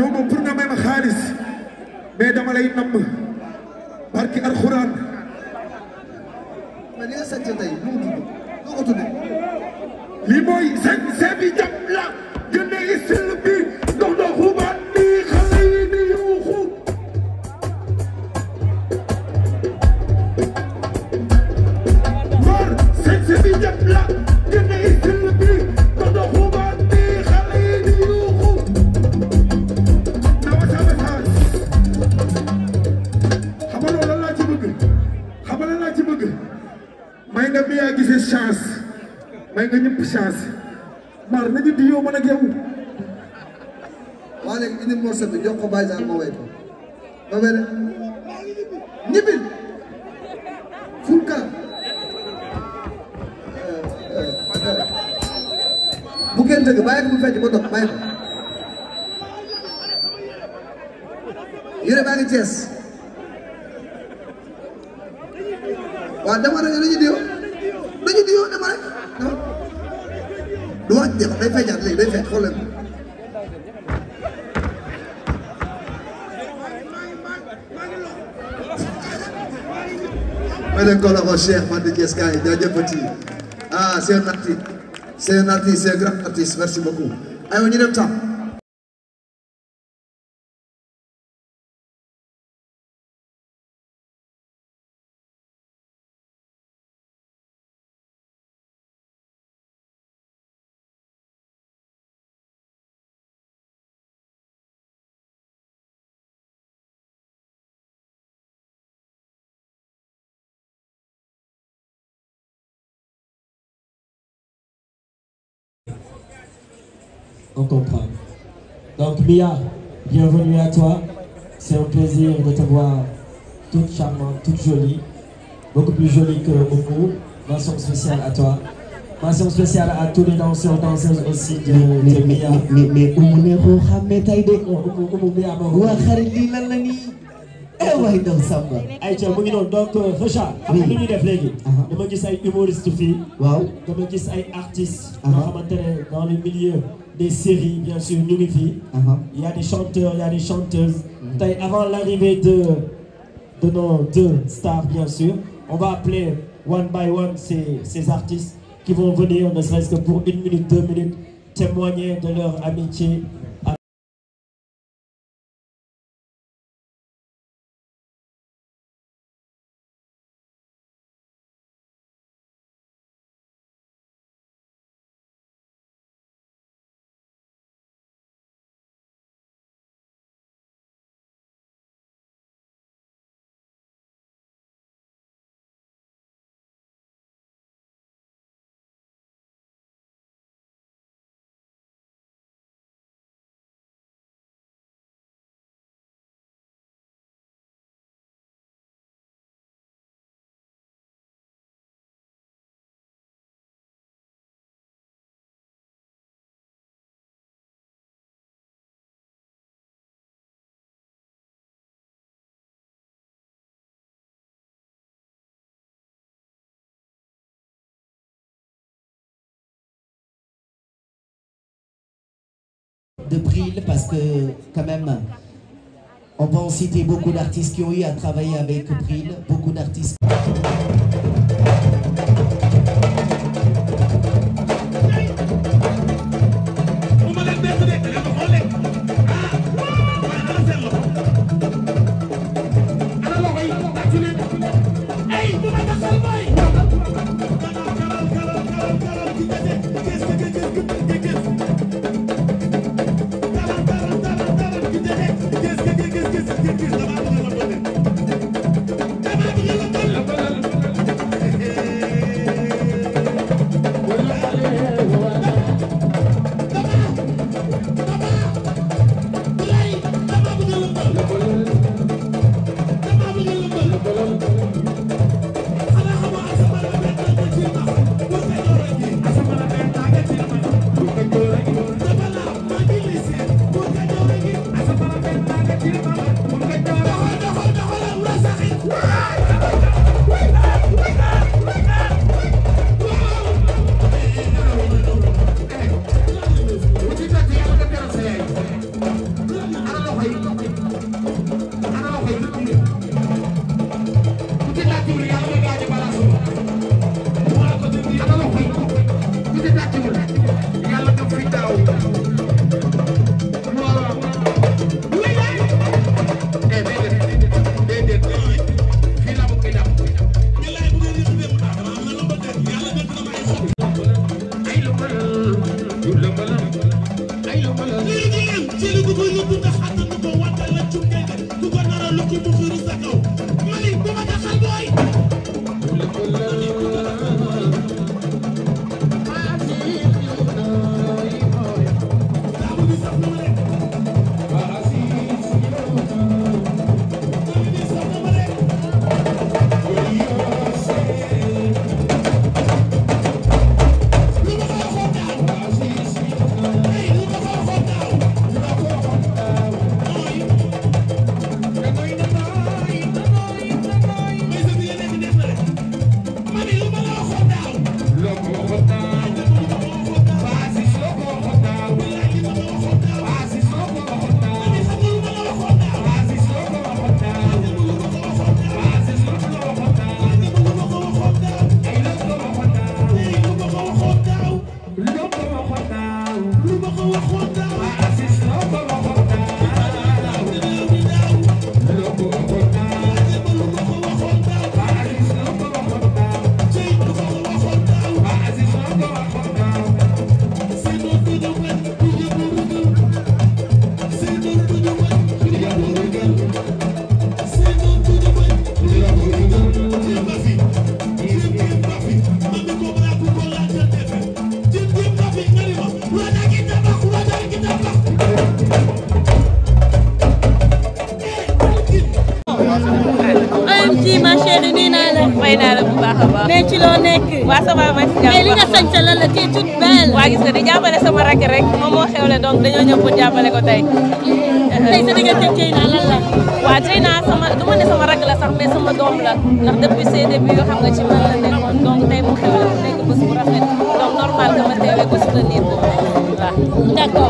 ñëw ma pour nga may ma xaalis mais dama lay namm barki alxuraan. mais li nga sant tey lu mu tudd lu ko bi jàpp la nga chance may nga ñëpp chance maar nañu di yow man ak yow. waa léegi bi jox ko Baye ma wey ko ba wey rek ñibbil Fulka bu kenn tëgg bàyyi ko bu fecc ba toog baa ngi Thiès waa dama ne ñu di yow Duhajjal day feeñaat léegi day feeñ xoolal ma ne ko la ko Cheikh Fadi Thiès kaay jaajëfati ah c'est un artiste c'est un artiste c'est un grand artiste merci beaucoup aywa ñu dem tam on comprend. Donc Mia, bienvenue à toi. C'est un plaisir de te voir toute charmante, toute jolie, beaucoup plus jolie que beaucoup. Mention spéciale à toi. Mention spéciale à tous les danseurs, danseuses aussi de, de Mia. Mais mais mais Oumou Nero xam ne tey de. Oumou Oumou Mia ma. waa xarit lii lan la nii. eh waay ndaw Samba. ayca mu ngi noonu donc euh, Richard. xam nga li ñuy def léegi. Ah, ah. dama gis ay humoriste fii. waaw dama gis ay artistes. Ah, nga xamante ne dans le milieu des séries bien sûr ñu ngi fii. y a des chanteurs y a des chanteuses. Mm-hmm. tey avant l'arrivée de de nos deux stars bien sûr on va appeler one by one ces ces artistes qui vont venir ne serait-ce que pour une minute deux minutes témoigner de leur amitié. de Bril parce que quand même on peut en citer beaucoup d'artistes qui ont eu à travailler avec Bril, beaucoup d'artistes. Thank you. baax a sa lan la tey toute belle. waa gis nga di jàppale sama rakk rek moom moo xewle donc dañoo ñëw pour jàppale ko tey. tey sa sama du sax mais sama doom la ndax depuis ses débuts yoo xam nga ci man la nekkoon donc tey mu xewle mu normal que ma teewee ko soutenir ni nga ko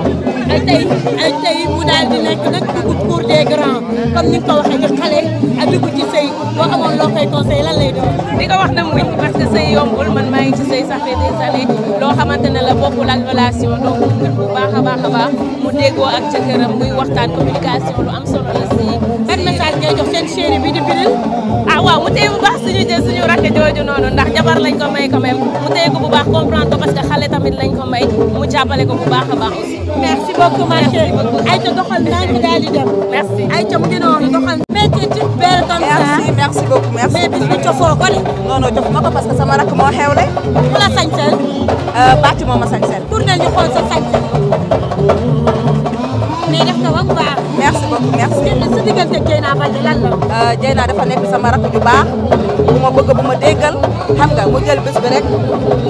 nga xale ak dugg ci sëy boo xamoon loo koy conseil lan lay doon di ko wax na muñ parce que sëy yombul man maa ngi ci sëy ça fait loo xamante ne la bokkul ak relation donc muñ bu baax a baax a baax déggoo ak jëkkëram muy waxtaan communication lu am solo la si ban message ngay jox seen chéri bi di Bril ah waaw mu téye bu baax suñu jël suñu rakk jooju noonu ndax jabar lañ ko may quand même mu téye ko bu baax comprendre ko parce que xale tamit lañ ko may mu jàppale ko bu baax a baax aussi. merci beaucoup ma chérie Aïcha doxal naa ngi daal di dem. merci Aïcha mu ngi noonu doxal. métier ci belle comme ça. merci merci beaucoup merci. mais bis bi cofoo ko de. non non jox ma ko parce que sama rakk moo xewle. mu la sañsel. Euh, bàcc moo ma sañsel. tournel ñu xool sa sañ nga wax baax. merci beaucoup merci. sa diggante Dieyna Baldé lan la. Dieyna euh, dafa nekk sama rakk ju baax bu ma bëgg bu ma déggal xam nga mu jël bés bi rek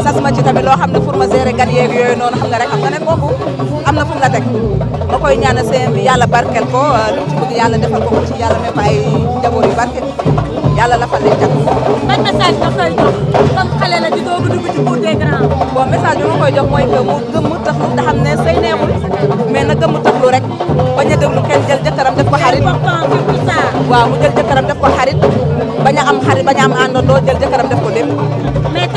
sas ma ci tamit loo xam ne pour ma gérer gan yeeg yooyu noonu xam nga rek xam nga am na fu mu la teg ma koy seen bi yàlla ko euh, lu mu ci bëgg yàlla defal ko ci yàlla may ko ay njaboot yu yàlla la fa leen cat. ban message nga koy jox comme xale la a dugg ci Cour des grands. mu gëmm na gëmm tax lu rek bañ a déglu kenn jël jëkkëram def ko xarit. jël jëkkëram def ko xarit a am xarit bañ jël jëkkëram def ko lépp.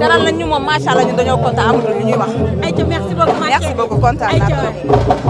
teral nañ moom macha allah ñun dañoo kontaan amatul lu ñuy wax. ayca merci beaucoup merci